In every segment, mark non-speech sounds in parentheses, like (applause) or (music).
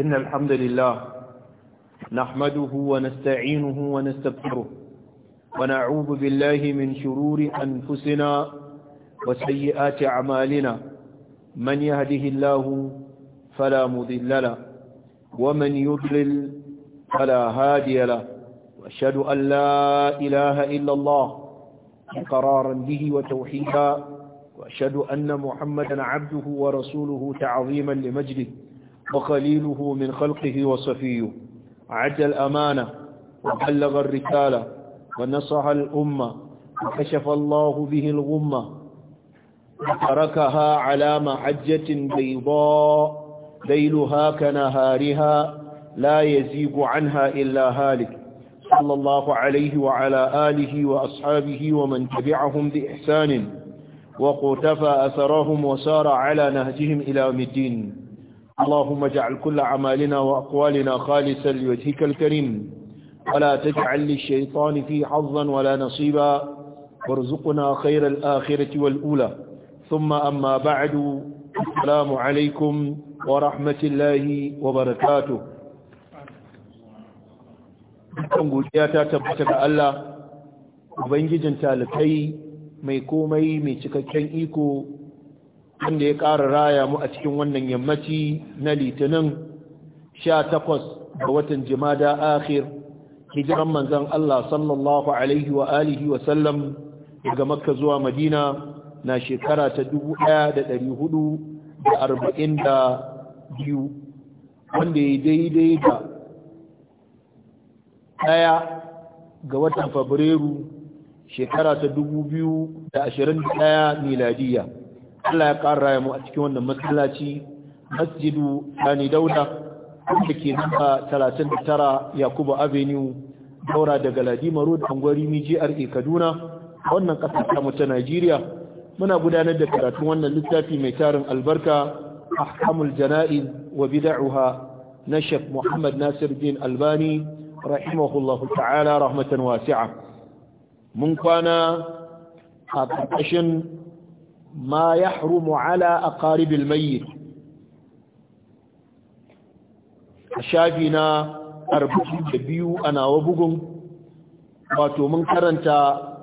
إن الحمد لله نحمده ونستعينه ونستغفره ونعوذ بالله من شرور أنفسنا وسيئات أعمالنا من يهده الله فلا مضل له ومن يضلل فلا هادي له وأشهد أن لا إله إلا الله إقرارا به وتوحيدا وأشهد أن محمدا عبده ورسوله تعظيما لمجده وخليله من خلقه وصفيه عد الأمانة وبلغ الرسالة ونصح الأمة وكشف الله به الغمة وتركها على محجة بيضاء ليلها كنهارها لا يزيب عنها إلا هالك صلى الله عليه وعلى آله وأصحابه ومن تبعهم بإحسان وقتفى أثرهم وسار على نهجهم إلى مدين اللهم اجعل كل أعمالنا وأقوالنا خالصا لوجهك الكريم ولا تجعل للشيطان في حظا ولا نصيبا وارزقنا خير الآخرة والأولى ثم أما بعد السلام عليكم ورحمة الله وبركاته kan godiya ta tabbata ga Allah ubangijin talakai mai komai mai cikakken iko wanda ya ƙara raya mu a cikin wannan yammaci na litinin sha takwas ga watan jimada akhir hijiran manzan Allah sallallahu alaihi wa alihi wa sallam daga makka zuwa madina na shekara ta biyu, wanda ya daidai da ɗaya ga watan fabrairu shekara ta 2021 miladiyya Allah ya ƙara mu a cikin wannan masallaci masjidu Sani Dauda da ke namba 39 Yakubu Avenue daura daga Ladima Road Angwari Mijiyar e, Kaduna wannan ƙasa ta mu Najeriya muna gudanar da karatun wannan littafi mai tarin albarka jana'i wa وبدعها na محمد muhammad nasir bin albani rahimahullahu ta'ala rahmatan wasi'a mun kwana a ƙarƙashin ma yahrumu a aqaribil A shafi na biyu a nawa bugun wato mun karanta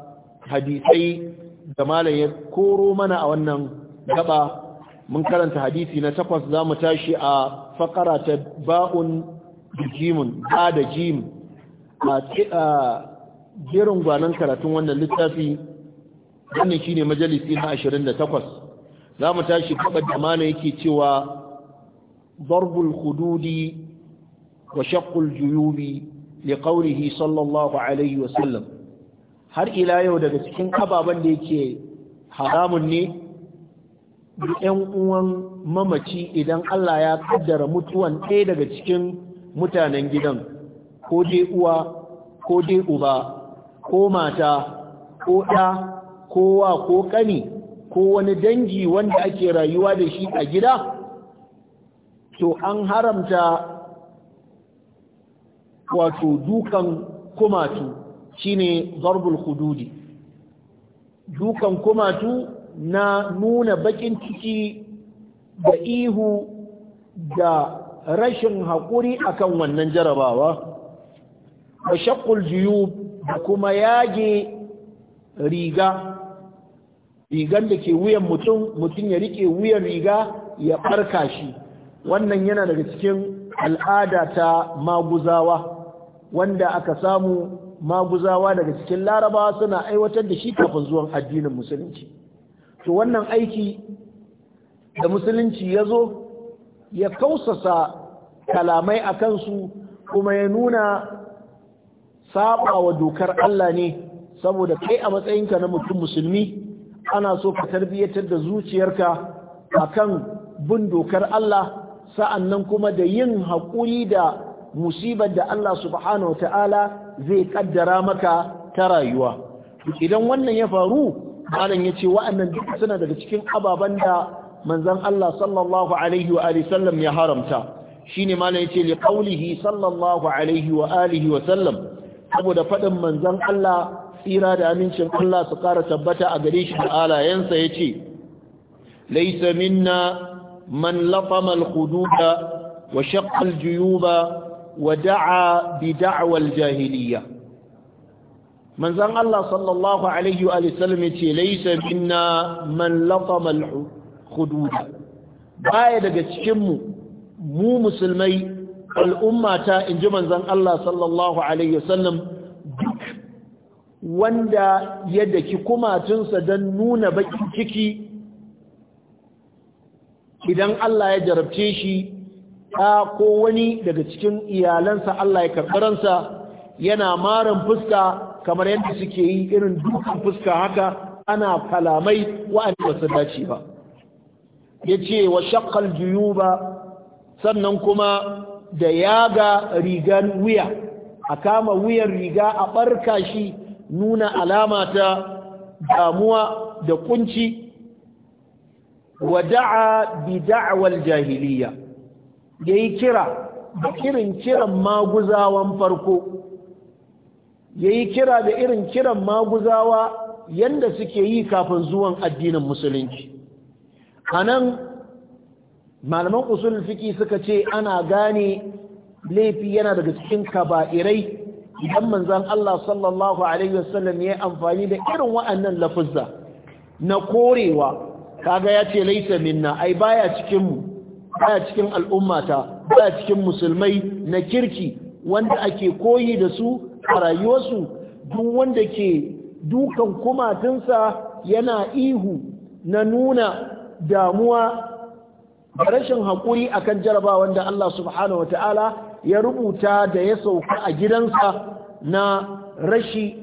hadisai da malam ya koro mana a wannan gaba mun karanta hadisi na takwas za mu tashi a fakara ta ba'un jimin ba da jim a jirin gwanon karatun wannan littafi wannan shine majalisi na 28 zamu tashi kabar da mana yake cewa darbul hududi wa shaqqul juyubi liqawlihi sallallahu alaihi wa sallam har ila yau daga cikin ababen da yake haramun ne yan uwan mamaci idan Allah ya kaddara mutuwan ɗaya daga cikin mutanen gidan ko dai uwa ko dai uba ko mata ko ɗa kowa ko kani ko wani dangi wanda ake rayuwa da shi a gida to an haramta wato dukan kumatu shine zarbul hududi dukan kumatu na nuna bakin ciki da ihu da rashin haƙuri akan wannan jarabawa Ba shakul juyub da kuma yage riga rigar da ke wuyan mutum mutum ya rike wuyan riga ya ɓarka shi wannan yana daga cikin al'ada ta maguzawa wanda aka samu maguzawa daga cikin larabawa suna aiwatar da shi kafin zuwan addinin musulunci to wannan aiki da musulunci ya zo ya kausasa kalamai a kansu kuma ya nuna saba dokar Allah ne saboda kai a matsayinka na mutum musulmi ana so ka tarbiyyatar da zuciyarka kan bin dokar Allah sa'annan kuma da yin haƙuri da musibar da Allah subhanahu ta'ala zai ƙaddara maka ta rayuwa idan wannan ya faru malam ya ce wa'annan duk suna daga cikin ababen da manzon Allah sallallahu alaihi wa sallam ya haramta shine malam yace li qawlihi sallallahu alaihi wa wa sallam saboda faɗin manzon Allah tsira da amincin Allah su kara tabbata a gare shi da alayensa ya ce laisa minna man lafamal al wa shaqqa juyuba wa da'a bi da'wa jahiliya manzan Allah sallallahu alaihi wa sallam ya ce laisa minna man lafamal al-hududa baya daga cikinmu mu mu musulmai al'ummata inji manzan Allah sallallahu alaihi wa sallam wanda ya daki kumatunsa don nuna baƙin ciki idan Allah ya jarabce shi ta ko wani daga cikin iyalansa Allah ya karɓaransa yana marin fuska kamar yadda suke yi irin dukan fuska haka ana kalamai wa'anda wasu su dace ba ya ce wa shakkal ba sannan kuma da yaga rigan wuya a kama wuyan riga a ɓarka shi nuna alama ta damuwa da kunci wada'a bi da'wal jahiliya yayi kira da irin kiran maguzawan farko yayi kira da irin kiran maguzawa yanda suke yi kafin zuwan addinin musulunci anan malaman usul fiqi suka ce ana gane laifi yana daga cikin kaba'irai idan manzon Allah sallallahu alaihi wasallam ya amfani da irin wa'annan lafuzza na korewa kaga ya ce laisa minna ai baya cikin baya cikin al'ummata baya cikin musulmai na kirki wanda ake koyi da su a rayuwarsu duk wanda ke dukan kumatunsa yana ihu na nuna damuwa da rashin haƙuri akan jarabawan da Allah subhanahu ya rubuta da ya sauka a gidansa na rashi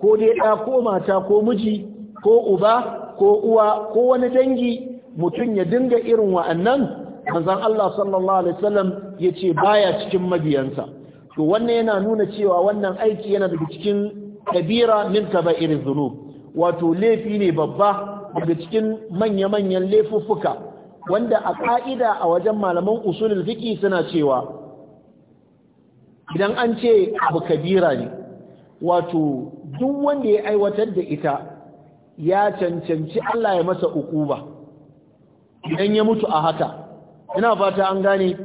ko dai ko mata ko miji ko uba ko uwa ko wani dangi mutum ya dinga irin wa'annan manzon Allah sallallahu alaihi wasallam yace baya cikin mabiyansa to wannan yana nuna cewa wannan aiki yana daga cikin kabira min kaba'ir zunub. wato laifi ne babba daga cikin manya-manyan laifuffuka wanda a ka'ida a wajen malaman usulul fiqi suna cewa idan an ce abu kabira ne wato duk wanda ya aiwatar da ita ya cancanci Allah ya masa ukuba idan ya mutu a haka ina fata an gane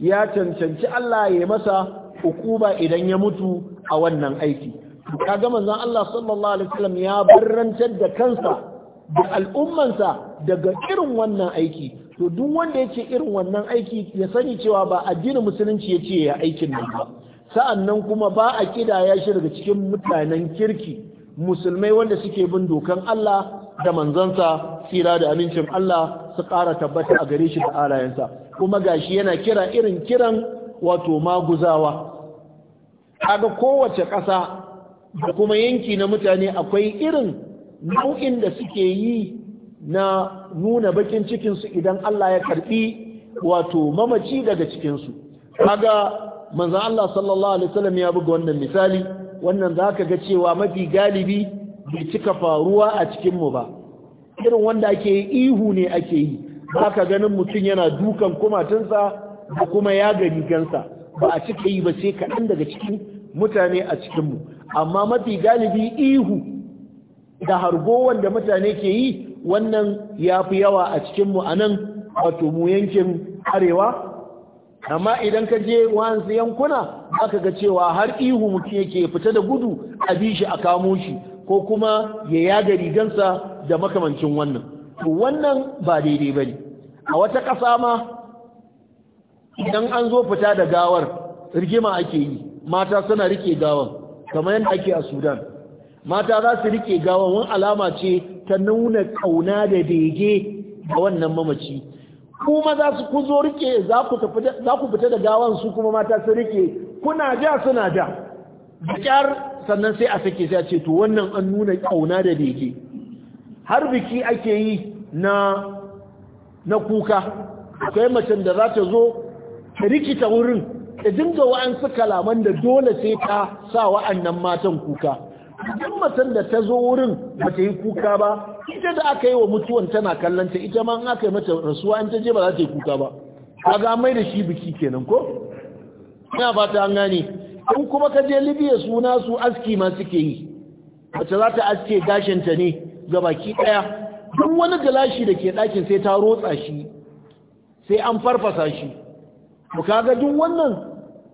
ya cancanci Allah ya masa ukuba idan ya mutu a wannan aiki kaga manzon Allah sallallahu alaihi wasallam ya barrantar da kansa da al'ummansa daga irin wannan aiki to duk wanda yake irin wannan aiki ya sani cewa ba addinin musulunci yace ya aikin nan ba sa'annan kuma ba a kidaya shi daga cikin mutanen kirki musulmai wanda suke bin dokan Allah da manzansa tsira da amincin Allah su ƙara tabbata a gare shi da alayensa kuma gashi yana kira irin kiran wato maguzawa kaga kowace ƙasa da kuma yanki na mutane akwai irin nau'in da suke yi na nuna bakin cikinsu idan Allah ya karɓi wato mamaci daga cikinsu kaga manzo Allah sallallahu alaihi wasallam ya buga wannan misali wannan zaka ga cewa mafi galibi bai cika faruwa a cikin mu ba irin wanda ake yi ihu ne ake yi ka ganin mutum yana dukan kumatunsa da kuma ya gani gansa ba a cika yi ba sai kaɗan daga cikin mutane a cikinmu amma mafi galibi ihu da hargo wanda mutane ke yi wannan ya fi yawa a cikinmu a nan wato mu yankin arewa amma idan ka je wasu yankuna aka ga cewa har ihu mutum yake fita da gudu a bi shi a kamo shi ko kuma ya yaga rigansa da makamancin wannan to wannan ba daidai bane a wata ƙasa ma idan an zo fita da gawar rigima ake yi mata suna rike gawan kamar yadda ake a sudan mata za su rike gawan wani alama ce ta nuna kauna da bege ga wannan mamaci ku maza su kuzo rike za ku fita da gawan su kuma mata su rike kuna ja suna ja bikyar sannan sai a sake sai a ce to wannan an nuna kauna da bege har biki ake yi na na kuka akwai macen da za ta zo ta rikita wurin ta dinga wa'ansu kalaman da dole sai ta sa wa'annan matan kuka duk matan da ta zo wurin ba ta yi kuka ba ita da aka yi wa mutuwan tana kallanta ita ma aka yi mata rasuwa in ta je ba za ta yi kuka ba ga mai da shi biki kenan ko ina fata an gane in kuma ka je libya suna su aski ma suke yi mace za ta aske ta ne ga baki daya duk wani galashi da ke ɗakin sai ta rotsa shi sai an farfasa shi kaga duk wannan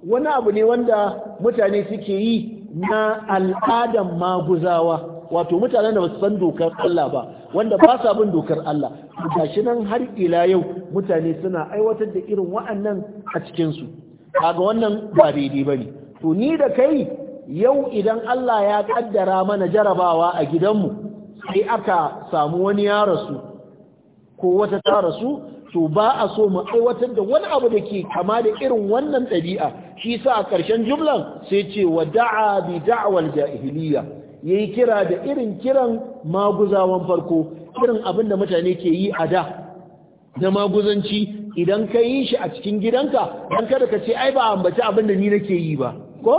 wani abu ne wanda mutane suke yi na al'adan maguzawa wato mutanen da basu san dokar Allah ba wanda ba sa bin dokar Allah gashi nan har ila yau mutane suna aiwatar da irin wa'annan a cikin su kaga wannan ba daidai bane to ni da kai yau idan Allah ya kaddara mana jarabawa a gidanmu sai aka samu wani ya rasu ko wata ta rasu to ba a so mu aiwatar da wani abu da ke kama da irin wannan ɗabi'a shi sa a ƙarshen jumlan sai ce wa da'a bi da'awar jahiliya Ya yi kira da irin kiran maguzawan farko irin abin da mutane ke yi a da na maguzanci idan ka yi shi a cikin gidanka don kada ka ce ai ba ambaci abin da ni nake yi ba ko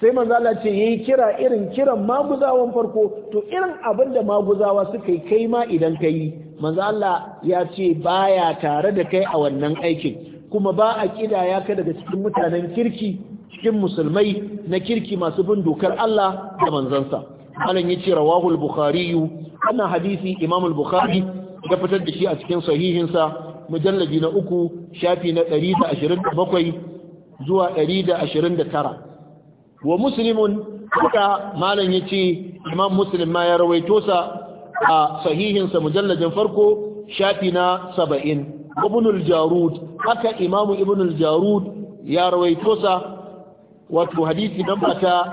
sai manzala ce ya yi kira irin kiran maguzawan farko to irin abin da maguzawa suka yi kai ma idan ka yi manzala ya ce baya tare da kai a wannan aikin kuma ba a kidaya ka daga cikin mutanen kirki cikin musulmai na kirki masu bin dokar Allah da manzansa malam yace rawahu al-bukhari ana hadisi imam al-bukhari da fitar da shi a cikin sahihinsa mujalladi na uku shafi na 127 zuwa 129 wa muslimun haka malam yace imam muslim ma ya rawaito sa a sahihinsa mujalladin farko shafi na ibn al-jarud haka imamu jarud ya rawaito sa wato hadisi namba ta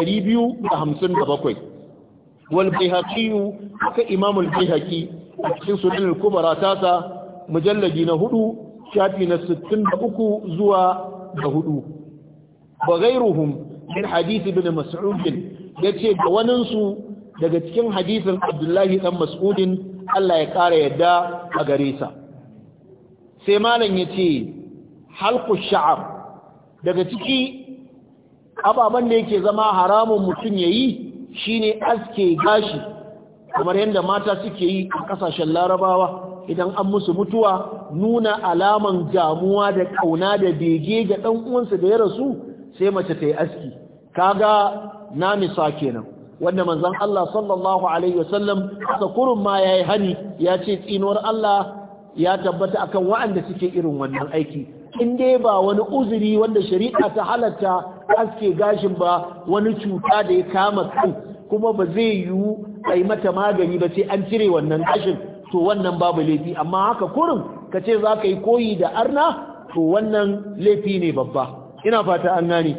257 eh, wal bayhaqi haka imamu al-bayhaqi a cikin sunan al-kubra ta sa mujalladi na hudu shafi na 63 zuwa da hudu wa ghayruhum min hadith ibn mas'ud yace wannan su daga cikin hadisin Abdullahi dan Mas'udin Allah ya kara yadda a gare sa sai malam ya ce halku sha'ar daga ciki ababen da yake zama haramun mutum ya yi shi ne aske gashi kamar yadda mata suke yi a ƙasashen larabawa idan an musu mutuwa nuna alaman jamuwa da ƙauna da bege ga ɗan uwansa da ya rasu sai mace ta yi aski kaga na misa kenan wanda manzon Allah sallallahu alaihi wasallam aka kurun ma yayi hani ya ce tsinuwar Allah ya tabbata akan waɗanda suke irin wannan aiki in dai ba wani uzuri wanda shari'a ta halatta aske gashin ba wani cuta da ya kama kan kuma ba zai yiwu a mata magani ba sai an cire wannan gashin to wannan babu laifi amma haka kurin ka ce za ka yi koyi da arna to wannan laifi ne babba ina fata an gane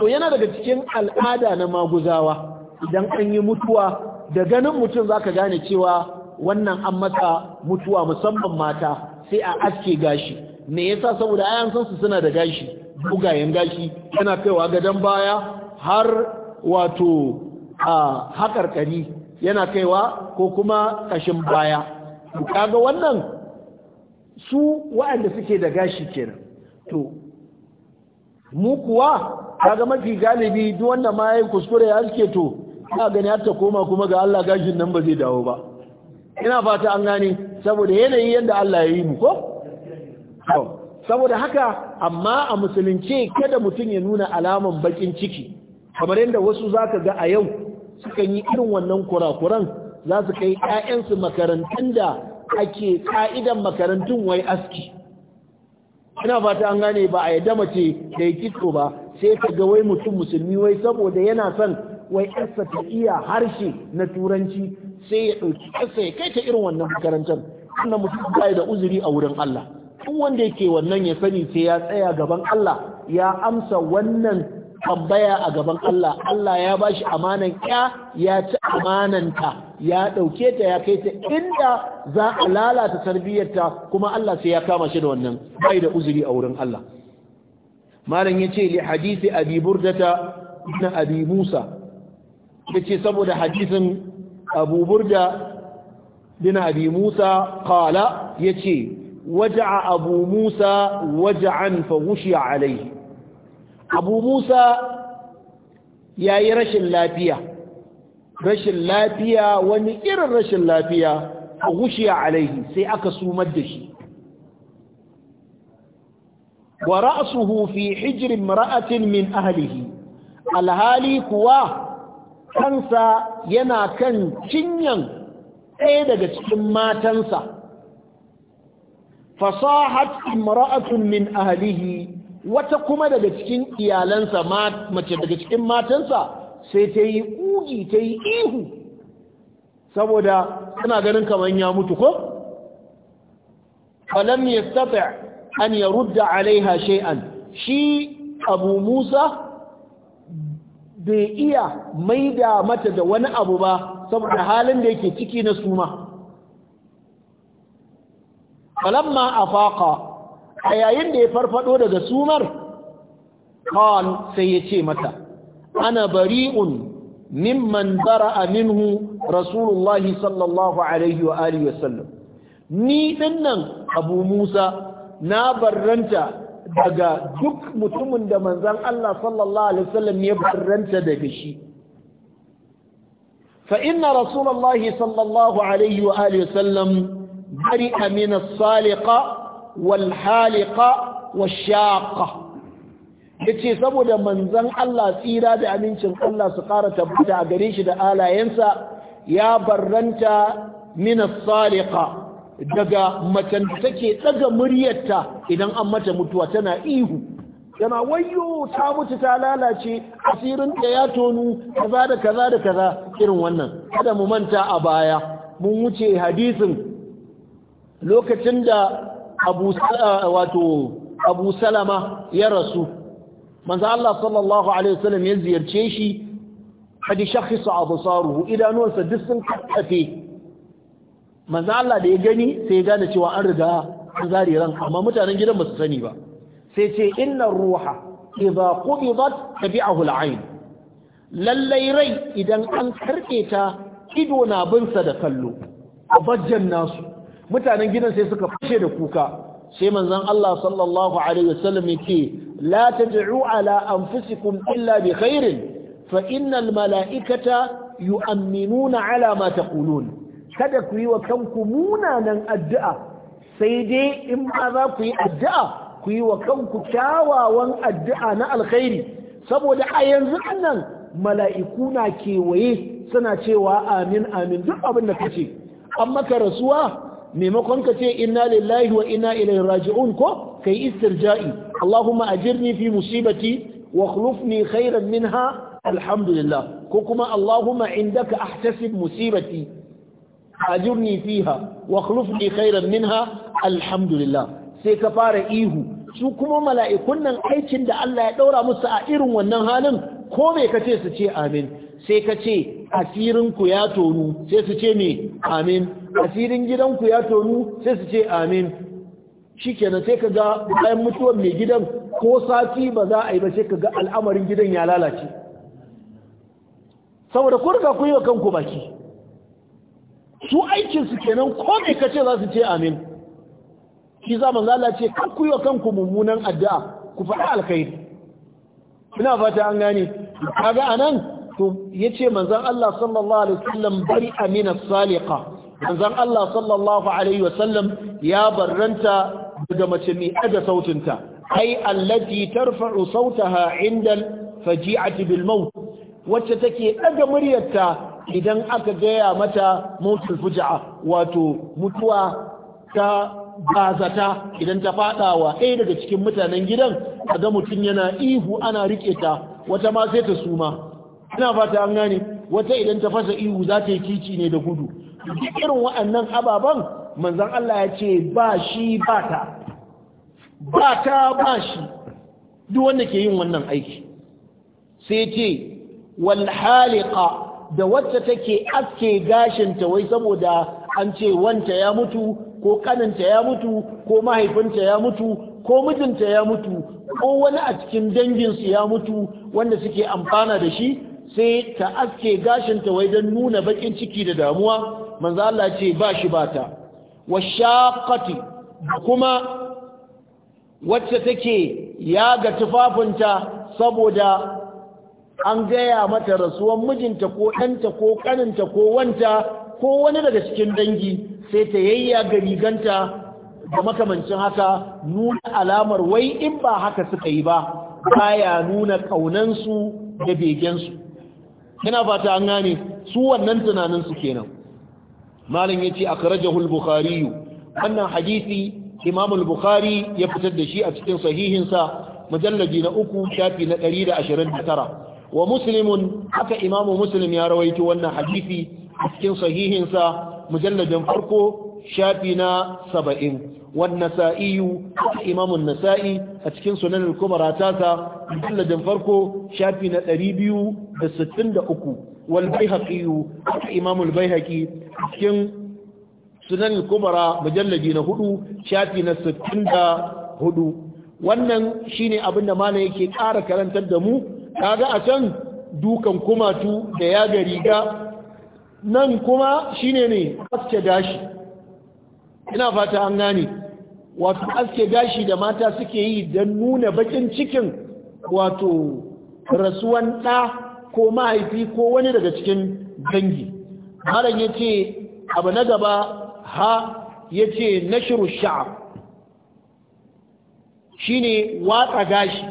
to yana daga cikin al'ada na maguzawa idan an yi mutuwa da ganin mutum za ka gane cewa wannan an masa mutuwa musamman mata sai a aske gashi me yasa saboda ayan san suna da gashi bugayen gashi yana kaiwa gadon baya har wato a hakarkari yana kaiwa ko kuma kashin baya kaga wannan su waɗanda suke da gashi kenan to mu kuwa kaga mafi galibi duk wanda ma yayin kuskure ya aske to ka gani har ta koma kuma ga Allah gashin nan ba zai dawo ba ina fata an gane saboda yanayi yadda Allah ya yi mu ko saboda haka amma a musulunci kada mutum ya nuna alaman bakin ciki kamar yadda wasu zaka ga a yau sukan yi irin wannan kurakuran za su kai 'ya'yansu makarantun da ake ka'idan makarantun wai aski ina fata an gane ba a yadda mace da ya kitso ba sai ka ga wai mutum musulmi wai saboda yana son wai yarsa ta iya harshe na turanci sai ya ɗauki ƙasa ya kai ta irin wannan makarantar wannan mutum ba da uzuri a wurin Allah duk wanda yake wannan ya sani sai ya tsaya gaban Allah ya amsa wannan tambaya a gaban Allah Allah ya bashi amanan ya ya ci amananta ya ɗauke ta ya kai ta inda za a lalata tarbiyyarta kuma Allah sai ya kama shi da wannan bai da uzuri a wurin Allah malam yace li hadisi abi burdata ibn abi musa yace saboda hadisin abu burda bin abi musa qala yace waja'a abu musa waja'an fa ghushiya alayhi abu musa yayi rashin lafiya rashin lafiya wani irin rashin lafiya fa ghushiya sai aka sumar da shi wa ra'asuhu fi hijr imra'atin min ahlihi alhali kuwa kansa yana kan cinyan ɗaya daga cikin matansa fasahat imra'atun min ahlihi wata kuma daga cikin iyalansa mace daga cikin matansa sai ta yi ƙugi ta yi ihu saboda suna ganin kamar ya mutu ko? falam ya an ya rudda alaiha shay'an shi abu musa bai iya maida mata da wani abu ba saboda halin da yake ciki na suma falamma faƙa a yayin da ya farfado daga sumar qal sai ya ce mata ana bari'un mimman Mandara Aminu rasulullah sallallahu alaihi wa alihi wasallam ni dinnan abu musa na barranta daga duk mutumin da manzan Allah sallallahu ya barranta daga shi fa inna rasulullahi sallallahu alaihi wa alihi wasallam bari'a min as-saliqa wal haliqa yace saboda manzan Allah tsira da amincin Allah su ƙara tabbata a gare shi da alayensa ya barranta min as daga macen da take daga muryarta idan an mata mutuwa tana ihu yana wayo ta mutu ta lalace asirin da ya tonu kaza da kaza da kaza irin wannan kada mu manta a baya mun wuce hadisin lokacin da abu wato abu salama ya rasu manzo Allah sallallahu alaihi wasallam ya ziyarce shi hadi Abu absaruhu idanuwansa duk sun kakkafe manzo Allah da ya gani sai ya gane cewa an riga an zare ran amma mutanen gidan ba su sani ba sai ce inna ruha idza qubidat tabi'ahu al'ain lallai rai idan an karke ta ido na bin sa da kallo bajjan nasu mutanen gidan sai suka fashe da kuka sai manzon Allah sallallahu alaihi wasallam yake la tad'u ala anfusikum illa bi khairin fa innal mala'ikata yu'minuna ala ma taqulun kada ku yi wa kanku munanan addu'a sai dai in ba za ku yi addu'a ku yi wa kanku kyawawan addu'a na alkhairi saboda a yanzu nan mala'iku na kewaye suna cewa amin amin duk abin da kace an maka rasuwa maimakon ka ce inna lillahi wa inna ilaihi raji'un ko kai istirja'i Allahumma ajirni fi musibati wa khlufni khairan minha alhamdulillah ko kuma Allahumma indaka ahtasib musibati ajurni fiha wa khlufni khairan minha alhamdulillah sai ka fara ihu su kuma mala'ikun nan aikin da Allah ya daura musu a irin wannan halin ko bai kace su ce amin sai ka ce ku ya tonu sai su ce me amin asirin gidan ku ya tonu sai su ce amin shikenan sai kaga ga bayan mutuwar mai gidan ko sati ba za a yi ba sai kaga al'amarin gidan ya lalace saboda kurka ku yi wa kanku baki su aikinsu kenan kome ka kace za su ce amin shi za manzo ce kan ku yi wa kanku mummunan addu'a ku faɗa alkhairi ina fata an gane kaga anan to yace manzan Allah sallallahu alaihi wasallam bari amina saliqa manzon Allah sallallahu alaihi wasallam ya barranta daga mace mai ada sautinta ai allati tarfa'u sautaha inda faji'ati bil wacce take daga muryarta idan aka gaya mata mutul fuja'a wato mutuwa ta bazata idan ta wa ɗaya daga cikin mutanen gidan kaga mutum yana ihu ana riƙe ta wata ma sai ta suma ina fata an gane wata idan ta fasa ihu za ta yi kici ne da gudu duk irin waɗannan ababen manzon Allah ya ce ba shi ba ta ba ta ba shi duk wanda ke yin wannan aiki sai ce wal haliqa da wacce take aske gashinta wai saboda an ce wanta ya mutu ko kaninta ya mutu ko mahaifinta ya mutu ko mijinta ya mutu ko wani a cikin danginsu ya mutu wanda suke amfana da shi sai ta aske gashinta wai don nuna bakin ciki da damuwa manzo Allah ce ba shi ba ta washaqati kuma wacce take yaga tufafinta saboda an gaya mata rasuwan mijinta ko ɗanta ko ƙaninta ko wanta ko wani daga cikin dangi sai ta yayya ga riganta da makamancin haka nuna alamar wai in ba haka suka yi ba baya nuna ƙaunansu da begensu yana fata an gane su wannan tunaninsu kenan Malam ya ce a karajahul bukhari wannan hadisi imamul bukhari ya fitar da shi a cikin sahihinsa mujallabi na uku shafi na ɗari da da ashirin tara. wa muslimun haka imamu muslim ya rawaito wannan hadisi a cikin sahihinsa mujalladin farko shafi na saba'in wannan sa'iyu haka imamun nasa'i a cikin sunan al-kubara tasa mujalladin farko shafi na 263 wal baihaqi haka imamu imamul baihaqi a cikin sunan al-kubara mujalladi na hudu shafi na 64 wannan shine abinda malam yake ƙara karantar da mu kaga a can dukan kumatu da ya yaga riga nan kuma shine ne aske gashi ina fata an gane wato aske gashi da mata suke yi don nuna bakin cikin wato rasuwan ɗa ko mahaifi ko wani daga cikin dangi malam ya ce abu na gaba ha ya ce shiru shine shi ne watsa gashi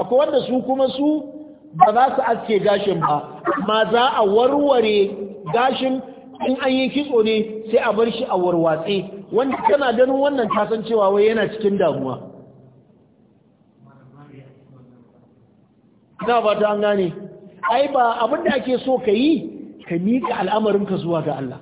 akwai wanda su kuma su ba za su aske gashin ba amma za a warware gashin in an yi kitso ne sai a bar shi a warwatse wanda kana ganin wannan san cewa wai yana cikin damuwa na ba ta gane ai ba abin da ake so ka yi ka miƙa al'amarinka zuwa ga Allah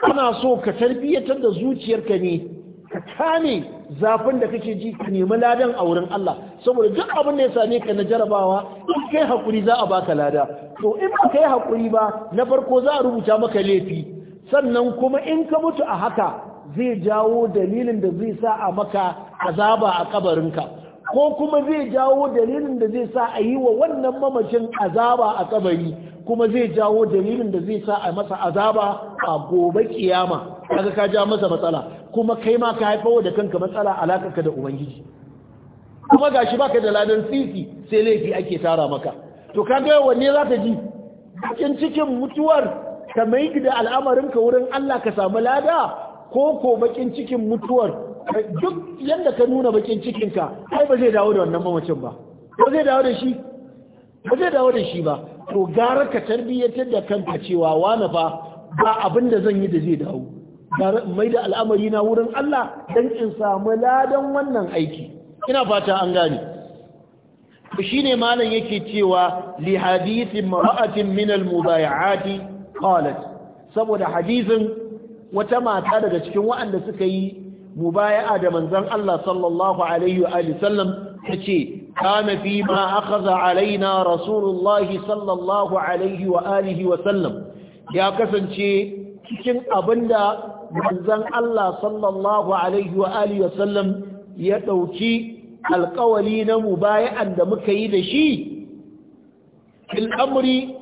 kana so ka tarbiyyatar da zuciyarka ne ka kame zafin da kake ji ka nemi ladan a wurin Allah saboda duk abin da ya same ka na jarabawa in kai hakuri za a baka lada to in ba kai hakuri ba na farko za a rubuta maka laifi sannan kuma in ka mutu a haka zai jawo dalilin da zai sa a maka azaba a kabarinka ko kuma zai jawo dalilin da zai sa a yi wa wannan mamacin azaba a kabari kuma zai jawo dalilin da zai sa a masa azaba a gobe kiyama kaga ka ja masa matsala kuma kai ma ka haifar da kanka matsala alakarka da ubangiji kuma gashi baka da ladan sisi sai laifi ake tara maka to ka ga wanne za ka ji cikin cikin mutuwar ka mai da ka wurin Allah ka samu lada ko ko bakin cikin mutuwar duk yadda ka nuna bakin cikinka ai ba zai dawo da wannan mamacin ba ba zai dawo da shi ba zai dawo da shi ba to gara ka tarbiyyatar da kanka cewa wani fa ba abin da zan yi da zai dawo gara mai da al'amari na wurin Allah dan in samu ladan wannan aiki ina fata an gane shine malam yake cewa li hadithin mar'atin min al-mubay'ati qalat saboda hadizin wata mata daga cikin waɗanda suka yi mubaya'a da manzon Allah sallallahu alaihi wa sallam tace kana fi ma akhadha alaina rasulullahi sallallahu alaihi wa alihi wa sallam ya kasance cikin abinda manzon Allah sallallahu alaihi wa alihi wa sallam ya dauki alƙawali na mubaya'an da muka yi da shi fil amri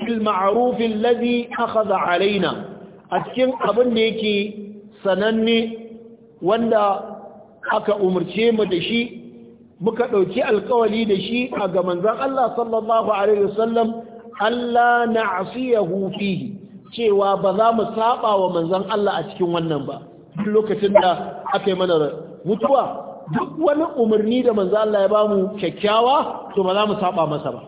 fil ma'ruf alladhi akhadha alaina a cikin abin da yake sananne wanda aka umarce mu da shi muka ɗauki alkawali da shi a ga manzan Allah sallallahu Alaihi wasallam Allah na asiyahu fihi cewa ba za mu saba wa manzan Allah a cikin wannan ba duk lokacin da aka yi mana mutuwa duk wani umarni da manzan Allah ya ba mu kyakkyawa to ba za mu saba masa ba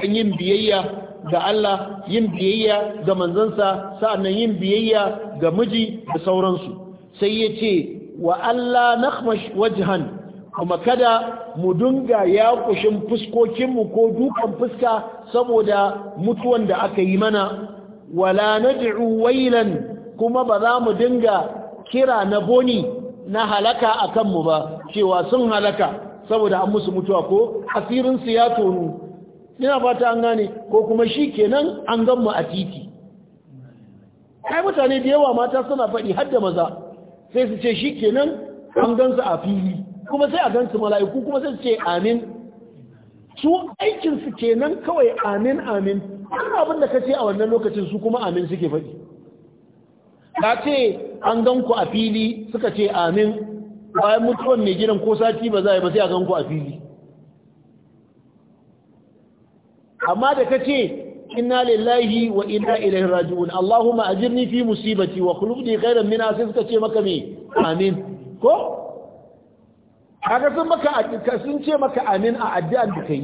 kan yin biyayya ga Allah yin biyayya ga manzansa sa'annan yin biyayya ga miji da sauransu sai ya ce wa Allah na wajhan kuma kada mu dunga ya kushin fuskokinmu ko dukan fuska saboda mutuwan da aka yi mana wala nad'u wailan kuma ba za mu dinga kira na boni na halaka a kanmu ba cewa sun halaka saboda an musu mutuwa ko asirinsu ya tonu ina fata an gane ko kuma shi kenan an gan mu a titi kai mutane da yawa mata suna faɗi har da maza sai su ce shi kenan an gansu a fili kuma sai a gansu mala'iku kuma sai su ce amin su aikinsu kenan kawai amin amin an abin da ka ce a wannan lokacin su kuma amin suke faɗi ka ce an gan ku a fili suka ce amin bayan mutuwan mai gidan ko sati ba za a yi ba sai a gan ku a fili amma da ka ce inna lillahi wa inna ilaihi raji'un allahumma ajirni fi musibati wa khulubni khairan minha sai suka ce maka me amin ko kaga sun ce maka amin a addu'ar da kai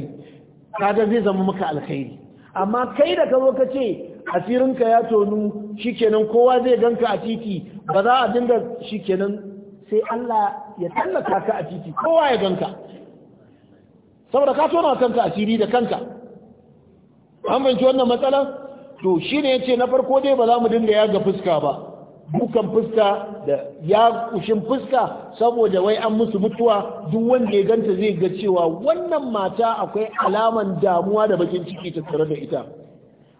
kaga zai zama maka alkhairi amma kai da ka zo ka ce asirinka ya tonu shikenan kowa zai ka a titi ba za a dinga sai Allah ya tallaka a titi kowa ya saboda ka tona kanka asiri da kanka an fahimci wannan matsala to shine yace na farko dai ba za mu dinga yaga fuska ba dukan fuska da ya kushin fuska saboda wai an musu mutuwa duk wanda ya ganta zai ga cewa wannan mata akwai alaman damuwa da bakin ciki tattare da ita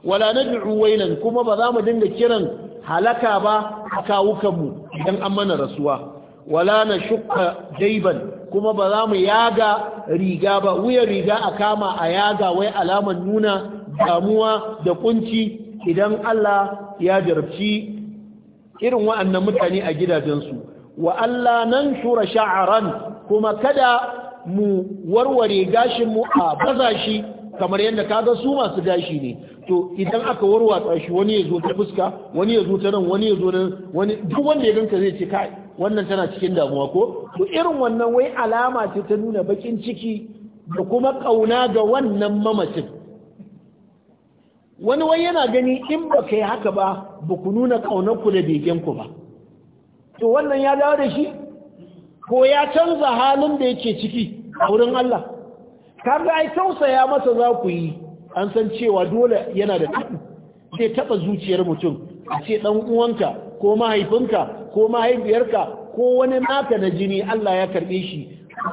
wala na nad'u nan kuma ba za mu dinga kiran halaka ba a kawukanmu idan an mana rasuwa wala na shukka daiban kuma ba za mu yaga riga ba wuya riga a kama a yaga wai alaman nuna damuwa da kunci idan Allah ya jarabci irin wa'annan mutane a gidajensu wa Allah nan shura sha'aran kuma kada mu warware gashin mu a baza shi kamar yadda kaga su masu gashi ne to idan aka warwatsa shi wani ya zo ta fuska wani ya zo ta nan wani ya zo nan wani duk wanda ya ganka zai ce kai wannan tana cikin damuwa ko to irin wannan wai alama ce ta nuna bakin ciki da kuma kauna ga wannan mamacin wani wani yana gani in ba kai haka ba ba ku nuna ƙaunarku da begenku ba to wannan ya dawo da shi ko ya canza halin da yake ciki a wurin Allah kaga ai tausaya masa za ku yi an san cewa dole yana da tabu sai taba zuciyar mutum a ce dan uwanka ko mahaifinka ko mahaifiyarka ko wani naka na jini Allah ya karbe shi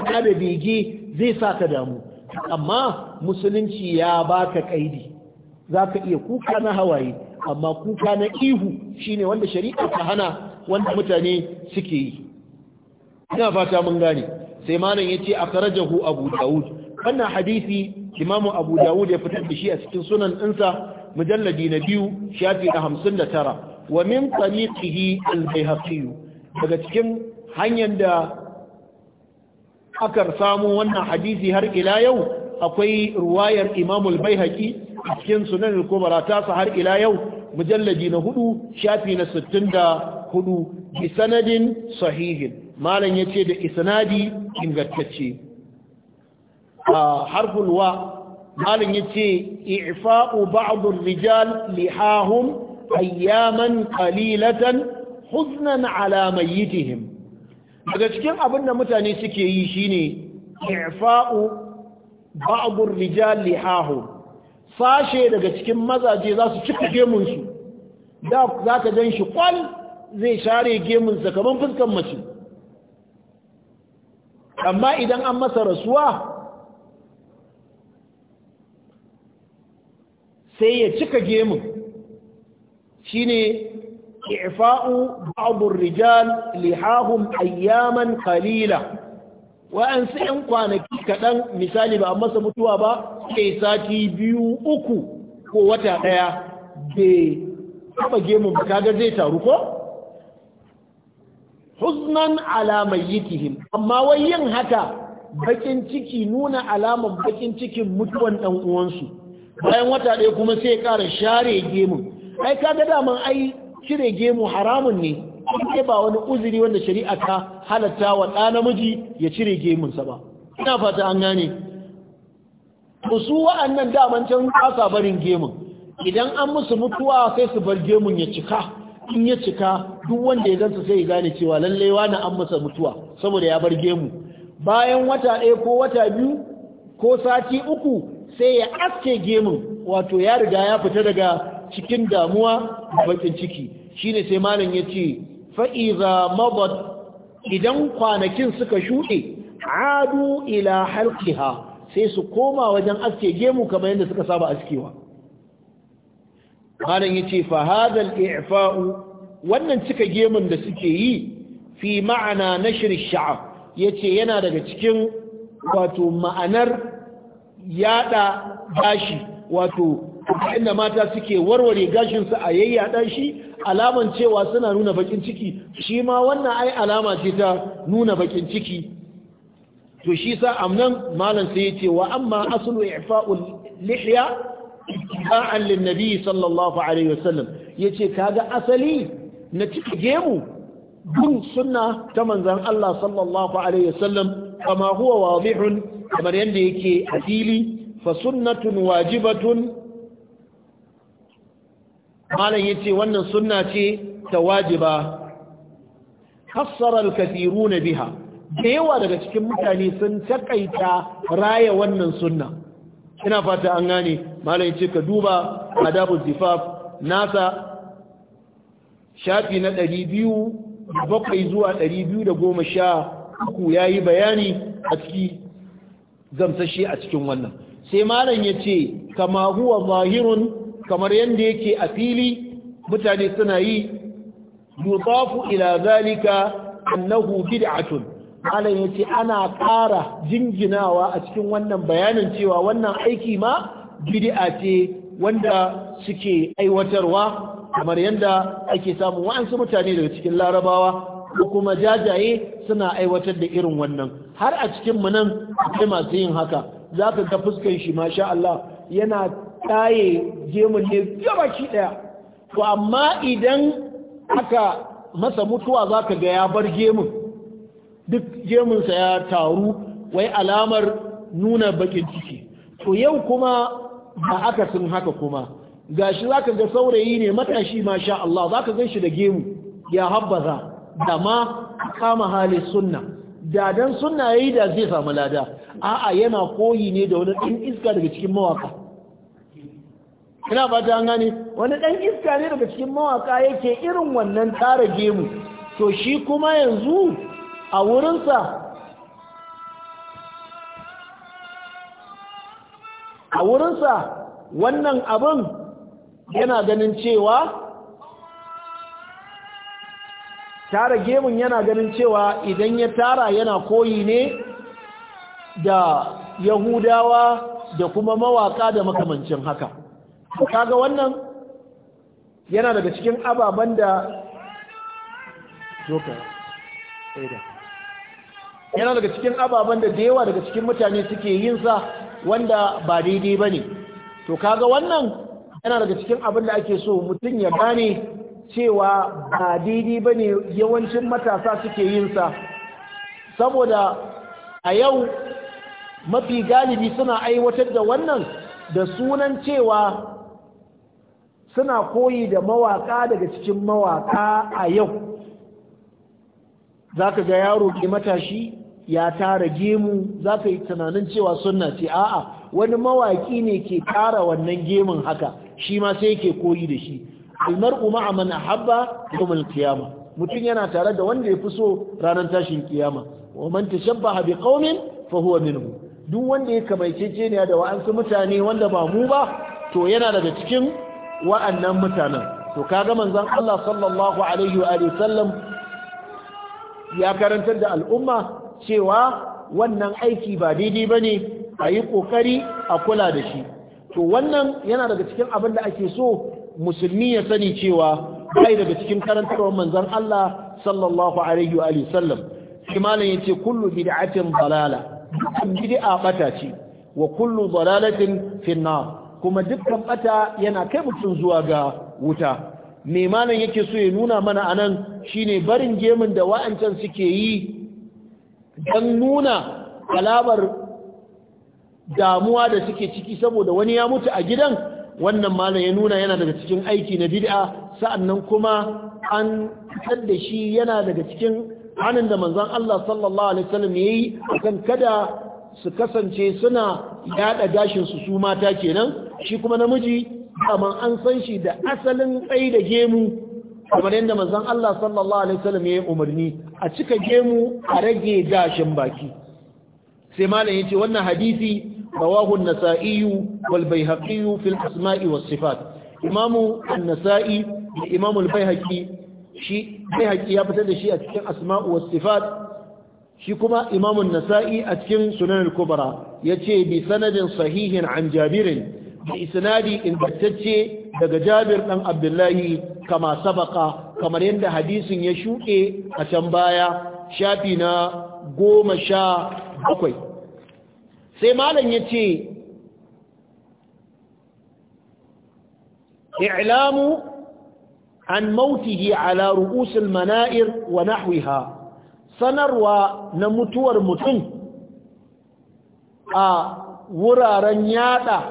kada da bege zai sa ka damu amma musulunci ya baka kaidi za ka iya kuka na hawaye amma kuka na ihu shine wanda shari'a ta hana wanda mutane suke yi ina fata mun gane sai malam yace akhrajahu abu daud wannan hadisi imamu abu daud ya fitar da shi a cikin sunan ɗinsa mujalladi na biyu shafi na hamsin da tara wa min tariqihi al-bayhaqi daga cikin hanyar da aka samu wannan hadisi har ila yau akwai ruwayar Imamul al-Baihaqi cikin Sunan al ta su har ila yau mujalladi na hudu shafi na da hudu, isanadin sahihin malam ce da isnadi ingantacce a harful wa malam yace i'fa'u ba'd ar-rijal Lihahun ayyaman qalilatan huznan ala daga cikin abin da mutane suke yi shine i'fa'u ba'dur rijal lihahu sashe daga cikin mazaje za su cika gemun su da za ka gan shi kwal zai share gemun sa kaman fuskan mace amma idan an masa rasuwa sai ya cika gemun shine i'fa'u ba'dur rijal lihahum ayyaman kalila. wa'ansu 'yan kwanaki kaɗan misali ba a masa mutuwa ba sai sati biyu uku ko wata ɗaya bai taɓa gemun ba kaga zai taru ko huznan alamayyikihim amma wai yin haka bakin ciki nuna alamar bakin cikin mutuwan ɗan uwansu bayan wata ɗaya kuma sai ya ƙara share gemun ai kaga daman ai cire gemu haramun ne kuma ba wani uzuri wanda shari'a ta halatta wa ɗa namiji ya cire gemunsa ba ina fata an gane su wa'annan daman can kasa barin gemun idan an musu mutuwa sai su bar gemun ya cika in ya cika duk wanda ya gansa sai ya gane cewa lallai wani an masa mutuwa saboda ya bar gemu bayan wata ɗaya ko wata biyu ko sati uku sai ya aske gemun wato ya riga ya fita daga cikin damuwa da bakin ciki shi ne sai malam ya ce fa'iza mabad idan kwanakin suka shuɗe adu ila halkiha sai su koma wajen aske gemu kamar yadda suka saba askewa malam yace fa hadal i'fa'u wannan cika gemun da suke yi fi ma'ana nashr ash-sha'ab yace yana daga cikin wato ma'anar yada gashi wato inda mata suke warware gashin su a yayyada shi alaman cewa suna nuna bakin ciki shi ma wannan ai alama ce ta nuna bakin ciki to shi sa amnan malam sai yace wa amma aslu i'fa'ul lihya ba'an lin nabi sallallahu alaihi wasallam yace kaga asali na ciki gemu bin sunna ta manzon Allah sallallahu alaihi wasallam kama huwa wadihun kamar yanda yake asili fa sunnatun wajibatun malam yace wannan sunna ce ta wajiba kassara al-kathiruna biha da yawa daga cikin mutane sun takaita raya wannan sunna ina fata an gane malam yace ka duba adabu zifaf nasa shafi na bakwai zuwa 213 yayi bayani a ciki zamsashi a cikin wannan sai malam yace kama huwa zahirun kamar yadda yake a fili mutane suna yi yudafu ila zalika annahu bid'atun malam yace ana ƙara jinginawa a cikin wannan bayanin cewa wannan aiki ma bid'a ce wanda suke aiwatarwa kamar yadda ake samun wa'ansu mutane daga cikin larabawa ko kuma jajaye suna aiwatar da irin wannan har a cikin mu nan akwai masu yin haka zata ga fuskan shi masha Allah yana ɗaye gemun ne baki ɗaya to amma idan aka masa mutuwa za ka ga ya bar gemun duk gemunsa ya taru wai alamar nuna bakin ciki to yau kuma ba aka sun haka kuma gashi za ka ga saurayi ne matashi masha Allah za ka gan shi da gemu ya habbaza da ma kama hali sunna da dan sunna yayi da zai samu lada a'a yana koyi ne da wani ɗin iska daga cikin mawaka ina ba ta gane wani ɗan iska ne daga cikin mawaka yake irin wannan tara gemu to shi kuma yanzu a wurinsa a wurinsa wannan abun yana ganin cewa tara gemun yana ganin cewa idan ya tara yana koyi ne da yahudawa da kuma mawaka da makamancin haka kaga wannan yana daga cikin ababen da yana daga cikin ababen da yawa daga cikin mutane suke yin sa wanda ba daidai ba to kaga wannan yana daga cikin abin da ake so mutum ya gane cewa ba daidai ba yawancin matasa suke yin sa saboda a yau mafi galibi suna aiwatar da wannan da sunan cewa suna koyi da mawaka daga cikin mawaka a yau za ka ga yaro ke matashi ya tara gemu za ka yi tunanin cewa sunna ce a'a wani mawaki ne ke tara wannan gemun haka shi ma sai ke koyi da shi almar'u a mana ahabba domin kiyama mutum yana tare da wanda ya fi so ranar tashin kiyama wa man tashabbaha haɓe qaumin fa huwa duk wanda ya kamaice ne da wa'ansu mutane wanda ba mu ba to yana daga cikin wa'annan mutanen to kaga manzon Allah sallallahu alaihi wa sallam ya karantar da al'umma cewa wannan aiki ba daidai bane a yi kokari a kula da shi to wannan yana daga cikin abin da ake so musulmi ya sani cewa bai daga cikin karantarwar manzon Allah sallallahu alaihi wa sallam kimanin yace kullu bid'atin dalala bid'a bata ce wa kullu dalalatin fi nar kuma dukkan bata yana kai mutum zuwa ga wuta me malam yake so ya nuna mana anan shine barin gemun da wa'ancan suke yi dan nuna kalabar damuwa da suke ciki saboda wani ya mutu a gidan wannan malam ya nuna yana daga cikin aiki na bid'a sa'annan kuma an fitar da shi yana daga cikin hannun da manzon Allah sallallahu alaihi wasallam yayi kan kada su kasance suna yada gashinsu su mata kenan shi kuma namiji amma an san shi da asalin tsayi da gemu kamar yadda manzon Allah sallallahu alaihi wasallam ya yi umarni a cika gemu a rage gashin baki sai malam yace wannan hadisi rawahu an-nasa'i wal baihaqi fi al-asma'i was sifat imamu an-nasa'i da imamu al-baihaqi shi ya fitar da shi a cikin asma'u was sifat shi kuma imamun nasa'i a cikin sunan al ya ce bi sanadin sahihin an jabirin da isnadi ingantacce daga jabir dan abdullahi kama sabaka kamar yadda hadisin ya shuɗe a can baya shafi na goma sha bakwai sai malam ya ce i'lamu an mautihi ala ru'usul mana'ir wa nahwiha sanarwa na mutuwar mutum a wuraren yada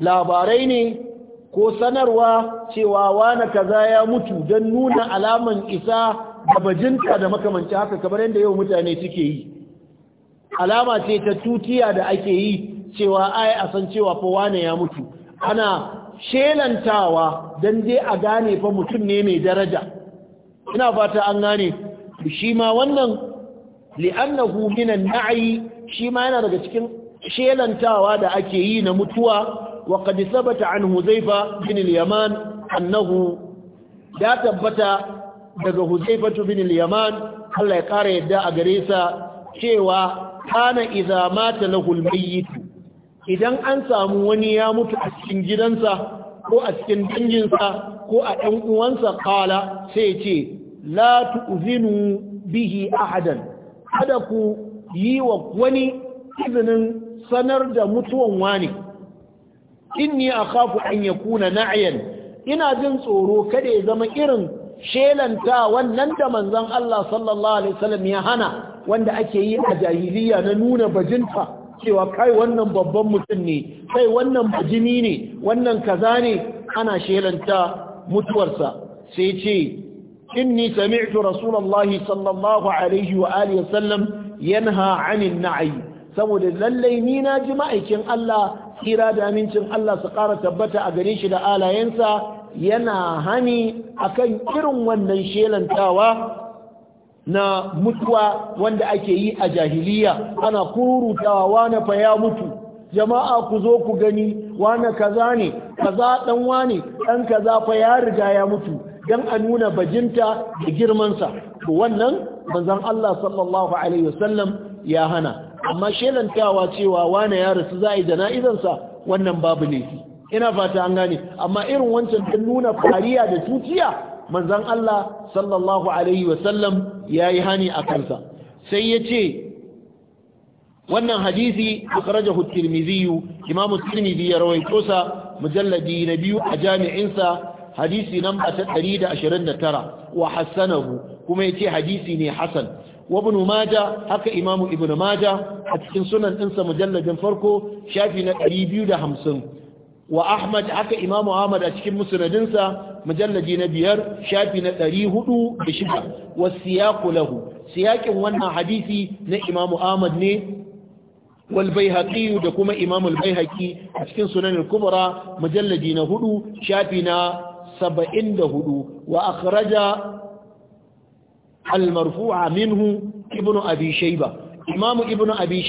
labarai ne ko sanarwa cewa wane kaza ya mutu don nuna alaman isa da bajinta da makamanci haka kamar yadda yau mutane suke yi alama ce ta tutiya da ake yi cewa ai a san cewa fa wane ya mutu ana shelantawa don je a gane fa mutum ne mai daraja ina fata an gane shi ma wannan li'annahu minan na'i shi ma yana daga cikin shelantawa da ake yi na mutuwa wa qad sabata an huzaifa bin al-yaman annahu da tabbata daga huzaifa bin al-yaman Allah ya kara yadda a gare sa cewa kana idza mata lahul mayyit idan an samu wani ya mutu a cikin gidansa ko a cikin danginsa ko a ɗan uwansa kala sai ce la tu'zinu bihi ahadan kada ku yi wa wani izinin sanar da mutuwan wani inni akhafu an yakuna na'yan ina jin tsoro kada ya zama irin shelanta wannan da manzon Allah sallallahu alaihi wasallam ya hana wanda ake yi a jahiliya na nuna bajinta cewa kai wannan babban mutum ne kai wannan bajini ne wannan kaza ne ana shelanta mutuwarsa sai ce inni sami'tu rasulullahi sallallahu alaihi wa alihi wasallam yanha 'anil na'i saboda lallai ni na ji ma'aikin Allah kira da amincin Allah su ƙara tabbata a gare shi da alayensa yana hani akan irin wannan shelantawa na mutuwa wanda ake yi a jahiliya ana kururutawa na fa ya mutu jama'a ku zo ku gani wane kaza ne kaza dan wane dan kaza fa ya riga ya mutu dan a nuna bajinta da girmansa to wannan manzon Allah sallallahu alaihi wasallam ya hana amma shelantawa cewa wane ya rasu za a yi jana'izarsa wannan babu laifi ina fata an gane amma irin wancan din nuna fariya da tutiya manzon Allah sallallahu alaihi wasallam ya yi hani a kansa sai ya ce wannan hadisi akhrajahu at-tirmidhi imam at-tirmidhi ya rawaito sa mujalladi na biyu a jami'insa hadisi namba da 129 wa hasanahu kuma yace hadisi ne hasan wa ibn majah haka imam ibn majah a cikin sunan dinsa mujalladin farko shafi na 250 wa ahmad haka imam ahmad a cikin musnadinsa mujalladi na biyar shafi na 406 wa siyaqu lahu siyakin wannan hadisi na imam ahmad ne wal baihaqi da kuma imam al baihaqi a cikin sunan al kubra mujalladi na hudu shafi na 74 wa akhraja al marfu'a minhu ibnu abi imamu ibnu abi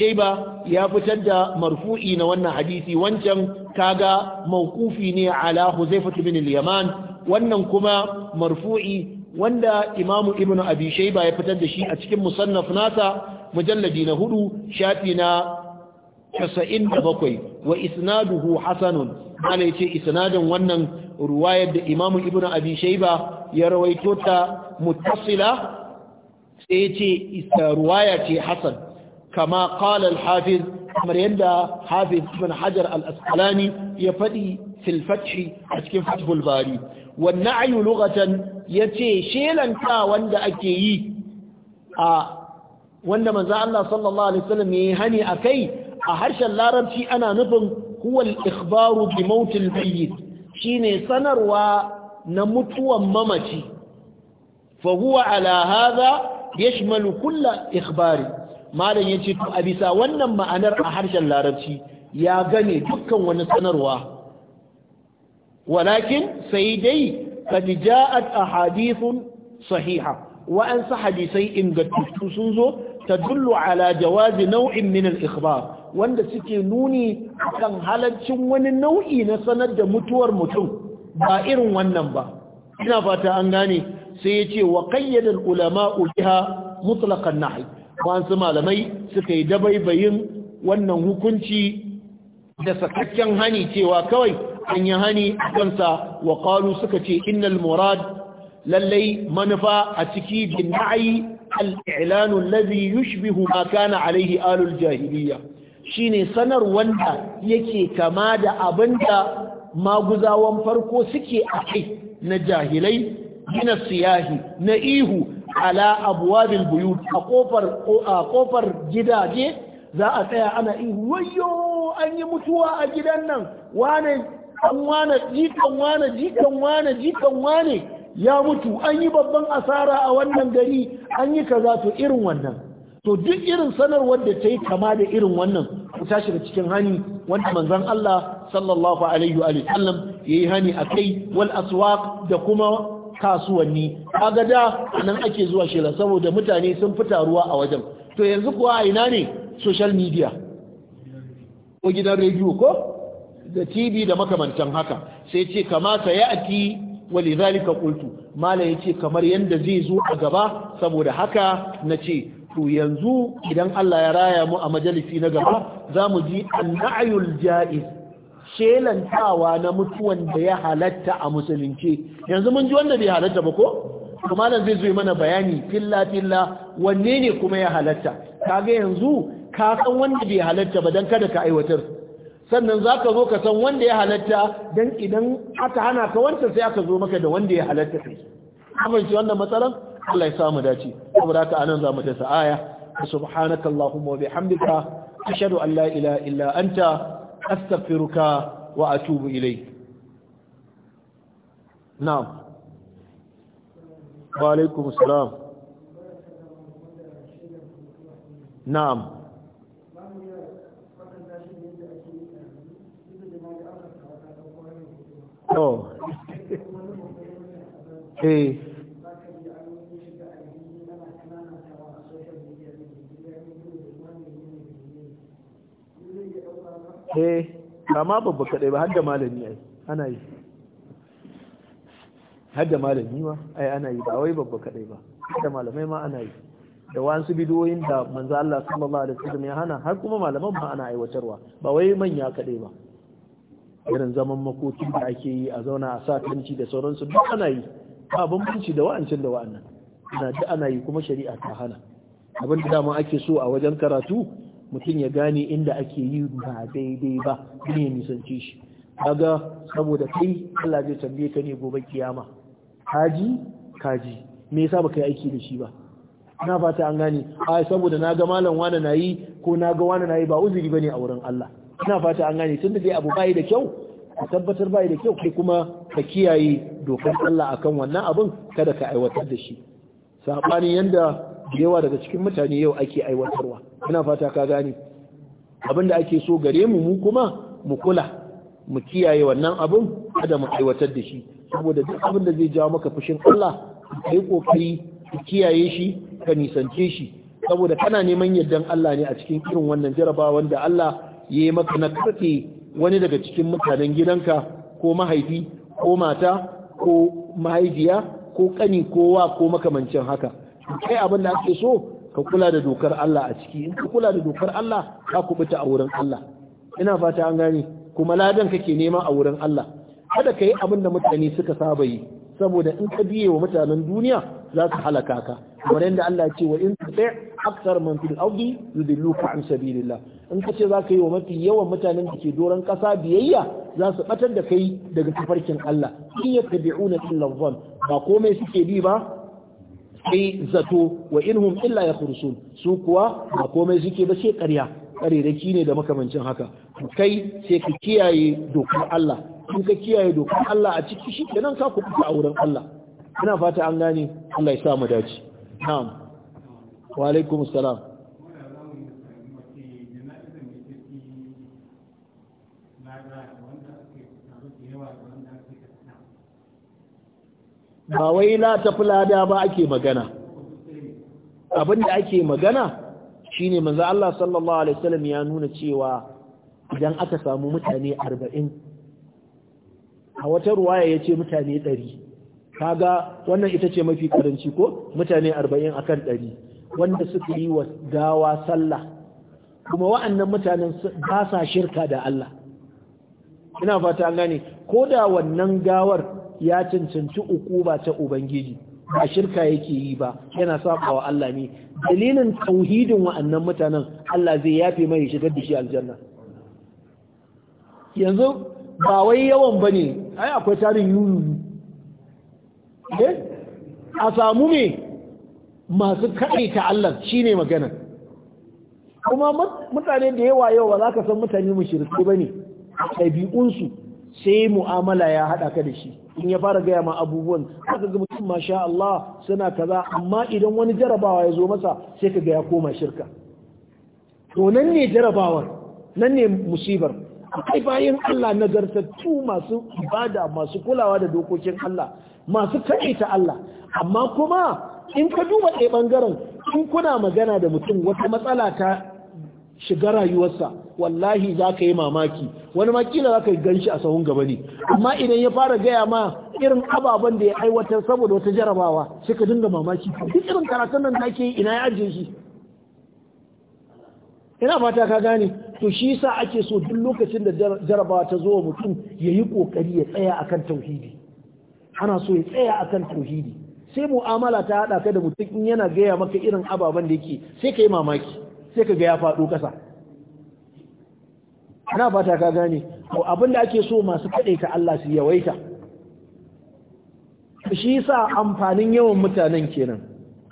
ya fitar da marfu'i na wannan hadisi wancan kaga mawqufi ne ala huzaifah ibn al yaman wannan kuma marfu'i wanda imamu ibnu abi ya fitar da shi a cikin musannaf nasa mujalladi na hudu shafi na da bakwai wa isnaduhu hasanun ana yace isnadin wannan ruwayar da Imam Ibn Abi ya rawaito ta muttasila sai yace ruwaya ce hasan kama qala al-hafiz kamar yadda hafiz Ibn Hajar al-Asqalani ya fadi fil fath a cikin Fathul Bari lokacin ya lughatan yace shelanta wanda ake yi a wanda manzo Allah sallallahu alaihi wasallam yayi hani akai a harshen larabci ana nufin huwal ikhbaru bi mautil mayyit shine sanarwa na mutuwan mamaci fa huwa ala hadha yashmalu kull ikhbari malam yace to a bisa wannan ma'anar a harshen larabci ya gane dukkan wani sanarwa walakin sai dai kad ja'at ahadithun sahiha wa an sa hadisai ingantattu sun zo tadullu ala jawazi nau'in min al-ikhbar wanda suke nuni kan halarcin wani nau'i na sanar da mutuwar mutum ba irin wannan ba ina fata an gane sai ya ce wa qayyada ulama biha mutlaqan nahy wasu malamai suka yi dabaibayin wannan hukunci da sakakken hani cewa kawai an yi hani kansa wa qalu suka ce innal murad lallai manufa a ciki bin na'i al-i'lanu alladhi yushbihu ma kana alaihi alul jahiliyya shine sanar wanda yake kama da abinda maguzawan farko suke a kai na jahilai gina siyahi na ihu ala abuwabil buyut a kofar a kofar gidaje za a tsaya ana ihu wayo an yi mutuwa a gidan nan wane an wane jikan wane jikan wane jikan wane ya mutu an yi babban asara a wannan gari an yi kaza to irin wannan to duk irin sanarwar da ta yi kama da irin wannan ku tashi da cikin hani wanda manzon Allah sallallahu alaihi wa sallam yayi hani akai wal aswaq da kuma kasuwanni kaga da nan ake zuwa shela saboda mutane sun fi taruwa a wajen to yanzu kuwa a ina ne social media ko gidan rediyo ko da tv da makamantan haka sai ce kamata ya ati wali zalika qultu mala yace kamar yanda zai zo a gaba saboda haka na ce. to yanzu idan Allah ya raya mu a majalisi na gaba za mu ji annayul ja'iz shelantawa na mutuwan da ya halatta a musulunci yanzu mun ji wanda bai halatta ba ko kuma nan zai zo mana bayani filla filla wanne ne kuma ya halatta kaga yanzu ka san wanda bai halatta ba dan kada ka aiwatar sannan zaka zo ka san wanda ya halatta dan idan aka hana ka wancan sai aka zo maka da wanda ya halatta kai amince wannan matsalar Allah ya samu dace saboda haka anan zamu ta sa'aya subhanaka allahumma wa bihamdika ashhadu an la ilaha illa anta astaghfiruka wa atubu ilayk na'am wa alaikum assalam na'am Oh. Hey. (laughs) Eh. eh amma babba kadai ba har da malami ai ana yi har da malami ma ai ana yi ba wai babba kadai ba har da malamai ma ana yi da wasu bidiyoyin da manzo Allah sallallahu alaihi wasallam ya hana har kuma malaman ma ana aiwatarwa ba wai manya kadai ba irin zaman makoki da ake yi a zauna a satanci da sauransu duk ana yi ba bambanci da wa'ancin da wa'annan Ina duk ana yi kuma shari'a ta hana abin da dama ake so a wajen karatu mutum ya gane inda ake yi ba daidai ba ne ya nisanci shi daga saboda kai Allah zai tambaye ka ne gobe kiyama kaji kaji me yasa baka yi aiki da shi ba na fata an gane ai saboda naga malam wani nayi ko naga wani nayi ba uzuri bane a wurin Allah ina fata an gane tunda dai abu bai da kyau A tabbatar bai da kyau kai kuma ka kiyaye dokar Allah akan wannan abin kada ka aiwatar da shi sabani yanda da yawa daga cikin mutane yau ake aiwatarwa ina fata ka gane da ake so gare mu mu kuma mu kula mu kiyaye wannan abin kada mu aiwatar da shi saboda duk abin da zai jawo maka fushin Allah kai kokari ka kiyaye shi ka nisance shi saboda kana neman yardan Allah ne a cikin irin wannan jarabawan da Allah ya yi maka na karfe wani daga cikin mutanen gidanka ko mahaifi ko mata ko mahaifiya ko kani ko wa ko makamancin haka kai abin da ake so ka kula da dokar Allah a ciki in ka kula da dokar Allah ka kubuta a wurin Allah ina fata an gane kuma ladan kake nema a wurin Allah kada ka yi abin da mutane suka saba yi saboda in ka biye wa mutanen duniya za su halaka ka kamar yadda Allah ce wa in tuti aksar man fil ardi yudilluka an sabilillah in ka ce za ka yi wa mafi yawan mutanen da ke doron kasa biyayya za su batar da kai daga tafarkin Allah in yattabi'una illa dhann ba komai suke bi ba kai zato wa inhum illa ya su kuwa ba komai suke ba sai ƙarya ƙarerake ne da makamancin haka kai sai ka kiyaye dokar Allah in ka kiyaye dokar Allah a ciki shi kenan ka ku a wurin Allah ina fata an gane Allah ya sa mu dace na'am wa alaikum ba wai la tafi lada ba ake magana abin da ake magana shine manzo Allah sallallahu alaihi wasallam ya nuna cewa idan aka samu mutane 40 a wata ruwaya yace mutane 100 kaga wannan ita ce mafi karanci ko mutane 40 akan ɗari, wanda suka yi wa gawa sallah kuma wa'annan mutanen ba sa shirka da Allah ina fata an gane ko da wannan gawar ya cancanci ukuba ta ubangiji ba shirka yake yi ba yana saba wa Allah ne dalilin tauhidin wa'annan mutanen Allah zai yafe mai shigar da shi aljanna yanzu ba wai yawan bane ai akwai tarin yunu eh a samu me masu ta Allah shine magana kuma mutane da yawa yau ba za ka san mutane ne, bane ɗabi'unsu sai mu'amala ya haɗa ka da shi in ya fara gaya ma abubuwan haka ga mutum masha Allah suna kaza amma idan wani jarabawa ya zo masa sai ka gaya koma shirka to nan ne jarabawar nan ne musibar akwai bayan Allah nagartattu masu ibada masu kulawa da dokokin Allah masu ta Allah amma kuma in ka duba ɗaya ɓangaren in kuna magana da mutum wata matsala ta shiga rayuwarsa wallahi za ka yi mamaki wani makila za ka yi ganshi a sahun gaba ne amma idan ya fara gaya ma irin ababen da ya aiwatar saboda wata jarabawa sai ka dinga mamaki duk irin karatun nan da yi ina ya ajiye shi ina fata ka gane to shi yasa ake so duk lokacin da jarabawa ta zo wa mutum ya yi kokari ya tsaya akan tauhidi ana so ya tsaya akan tauhidi sai mu'amala ta haɗa ka da mutum in yana gaya maka irin ababen da yake sai ka yi mamaki sai ka ga ya faɗo ƙasa ana fata ka gane ko abin ake so masu kaɗe ka Allah su yawaita shi yasa amfanin yawan mutanen kenan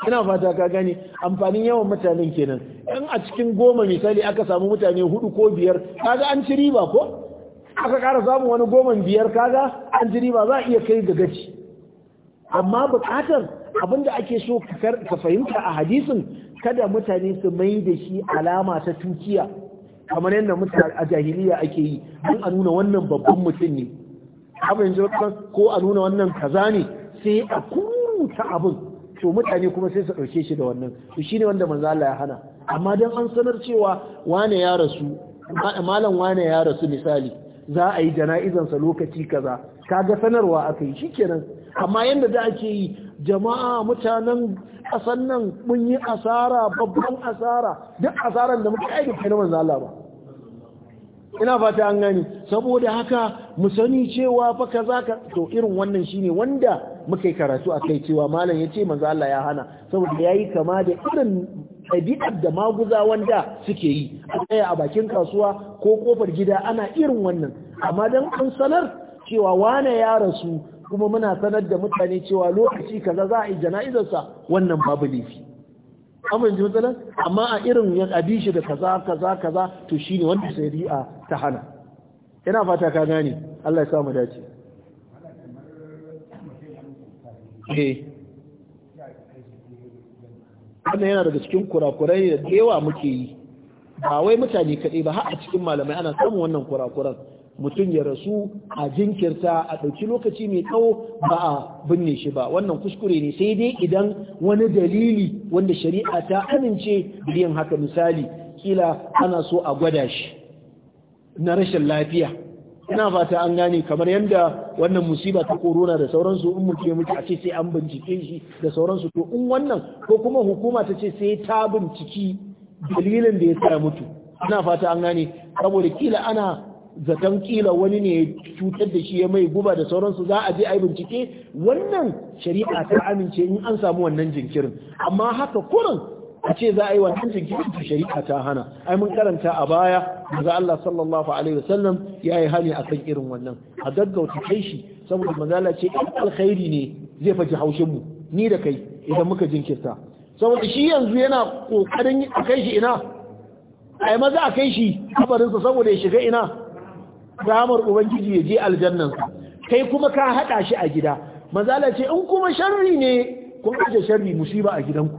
ina fata ka gane amfanin yawan mutanen kenan in a cikin goma misali aka samu mutane hudu ko biyar kaga an ci riba ko aka ƙara samun wani goman biyar kaga an ci riba za a iya kai ga gaci amma bukatar abinda ake so ka fahimta a hadisin kada mutane su mai da shi alama ta tukiya kamar yadda mutane a jahiliya ake yi don a nuna wannan babban mutum ne abin ko a nuna wannan kaza ne sai a kuruta abin to mutane kuma sai su ɗauke shi da wannan to ne wanda manzo Allah ya hana amma don an sanar cewa wane ya rasu malam wane ya rasu misali za a yi sa lokaci kaza kaga sanarwa aka yi shikenan amma yanda da ake yi jama'a mutanen kasan nan mun yi asara babban asara duk asaran da muka aiki kai na manzo Allah ba ina fata an gani saboda haka mu sani cewa fa kaza ka to irin wannan shine wanda muka yi karatu a kai cewa malam ya ce manzo Allah ya hana saboda yayi kama da irin ɗabi'ar da maguza wanda suke yi a tsaya a bakin kasuwa ko kofar gida ana irin wannan amma dan an sanar cewa wane ya rasu kuma muna sanar da mutane cewa lokaci kaza za a yi jana'izarsa wannan babu laifi amince mutane amma a irin ya abi shi da kaza kaza kaza to shine wanda shari'a ta hana ina fata ka gane Allah ya sa mu dace eh wannan yana daga cikin kurakurai da yawa muke yi ba wai mutane kaɗai ba har a cikin malamai ana samun wannan kurakuran mutum ya rasu a jinkirta a ɗauki lokaci mai tsawo ba a binne shi ba wannan kuskure ne sai dai idan wani dalili wanda shari'a ta amince biyan haka misali kila ana so a gwada shi na rashin lafiya ina fata an gane kamar yadda wannan musiba ta korona da sauransu in mutum ya mutu a ce sai an bincike shi da sauransu to in wannan ko kuma hukuma ta ce sai ta binciki dalilin da ya sa mutu ina fata an gane saboda kila ana zaton kila wani ne cutar da shi ya mai guba da sauransu za a je a yi bincike wannan shari'a ta amince in an samu wannan jinkirin amma haka kurin a ce za a yi wannan jinkirin ta shari'a ta hana ai mun karanta a baya daga Allah sallallahu alaihi wasallam ya yi hani akan irin wannan a gaggauta kai shi saboda manzala ce in alkhairi ne zai faji haushin mu ni da kai idan muka jinkirta saboda shi yanzu yana kokarin a kai shi ina ai maza a kai shi kabarinsa saboda ya shiga ina ramar ubangiji ya je aljannansa kai kuma ka haɗa shi a gida manzala ce in kuma sharri ne kun aje sharri musiba a gidanku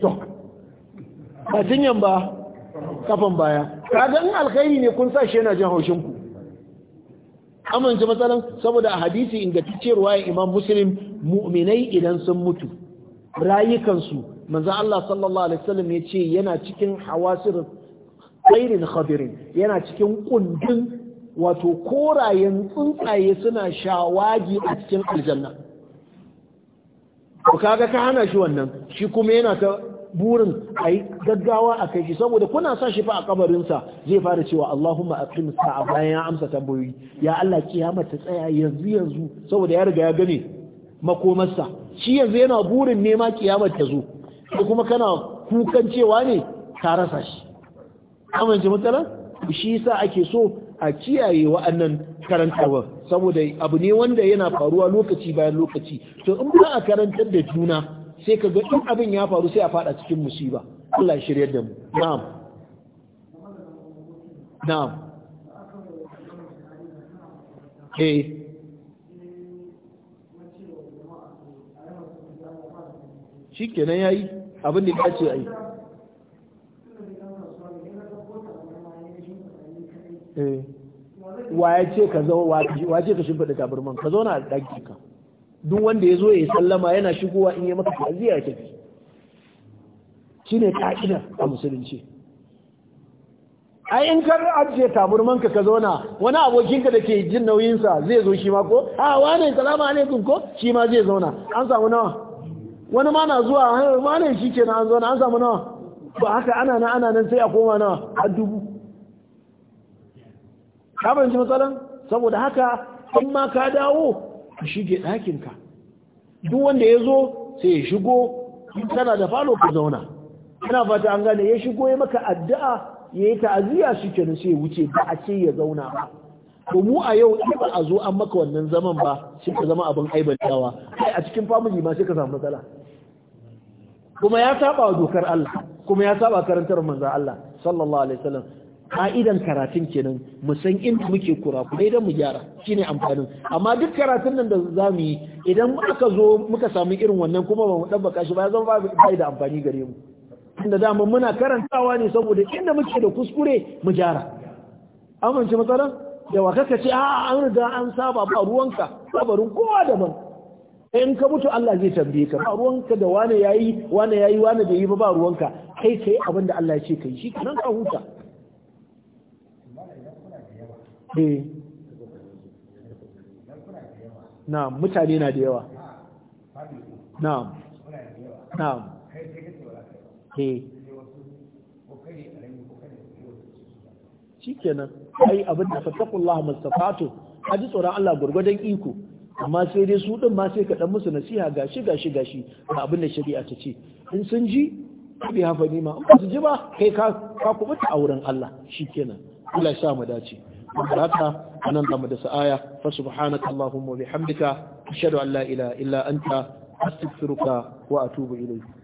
to ba jinyan ba kafan baya kaga in alkhairi ne kun sa shi yana jin haushin ku amince matsalan saboda a hadisi ingantacciyar waye imam muslim mu'minai idan sun mutu rayukansu manzo Allah sallallahu alaihi wasallam ya ce yana cikin hawasir khairin khabirin yana cikin kundin wato korayen tsuntsaye suna shawagi a cikin aljanna kaga ka hana shi wannan shi kuma yana ta burin a yi gaggawa a kai shi saboda kuna sa shi fa a kabarinsa zai fara cewa Allahumma aqim sa'a bayan ya amsa tambayoyi ya Allah kiyama ta tsaya yanzu yanzu saboda ya riga ya gane makomarsa shi yanzu yana burin nema kiyamar ta zo ko kuma kana kukan cewa ne ka rasa shi amince mutala shi yasa ake so a kiyaye wa'annan karantarwa saboda abu ne wanda yana faruwa lokaci bayan lokaci to in ba a karantar da juna sai ka ga in abin ya faru sai a fada cikin musiba Allah ya shiryar da mu na'am na'am eh shikenan yayi abin da ya ce ai Eh. wa ya ce ka zo wa ce ka shimfiɗa taburman ka zauna a ɗaki ka duk wanda ya zo ya sallama yana shigowa in yi maka ta'aziyya ya tafi ne ka'ida a musulunci ai in kar ajiye taburman ka ka zauna wani abokinka da ke jin nauyinsa zai zo shi ma ko a wane salamu alaikum ko shi ma zai zauna an samu nawa wani ma na zuwa eh, wane shi ke na an zauna an samu nawa ba haka ana na ana nan sai a koma nawa a dubu ka fahimci matsalan saboda haka in ma ka dawo ka shige ɗakinka duk wanda ya zo sai ya shigo tana da falo ka zauna ina fata an gane ya shigo ya maka addu'a ya yi ta'aziyya shi nan sai ya wuce ba a ce ya zauna ba to mu a yau in ba a zo an maka wannan zaman ba sai ka zama abin aibantawa kai a cikin family ma sai ka samu matsala kuma ya saba wa dokar Allah kuma ya saba karantar manzo Allah sallallahu alaihi wasallam ka'idan karatun kenan mu san inda muke kura kuma idan mu gyara shine amfanin amma duk karatun nan da za mu yi idan aka zo muka samu irin wannan kuma ba mu dabbaka shi ba zan ba da amfani gare mu inda dama muna karantawa ne saboda inda muke da kuskure mu gyara amince matsala wa kaka ce a an riga an saba ba ruwanka sabarin kowa daban in ka mutu Allah zai tambaye ka ba ruwanka da wane yayi wane yayi wane bai yi ba ba ruwanka kai kai abin da Allah ya ce kai shi kanan ka huta eh mutane na da yawa na na'am eh ai abin da fattakullah mustafatu a ji tsoron Allah gurgurdan iko amma sai dai su din ma sai ka dan musu nasiha gashi gashi gashi ga abin da shari'a ta ce in sun ji bi hafa nima in ba su ji ba kai ka kubuta a wurin Allah shikenan Allah ya sa mu dace karata anan zamu da sa'aya fa subhanaka allahumma bihamdika ashhadu an la ilaha illa anta astaghfiruka wa atubu ilayk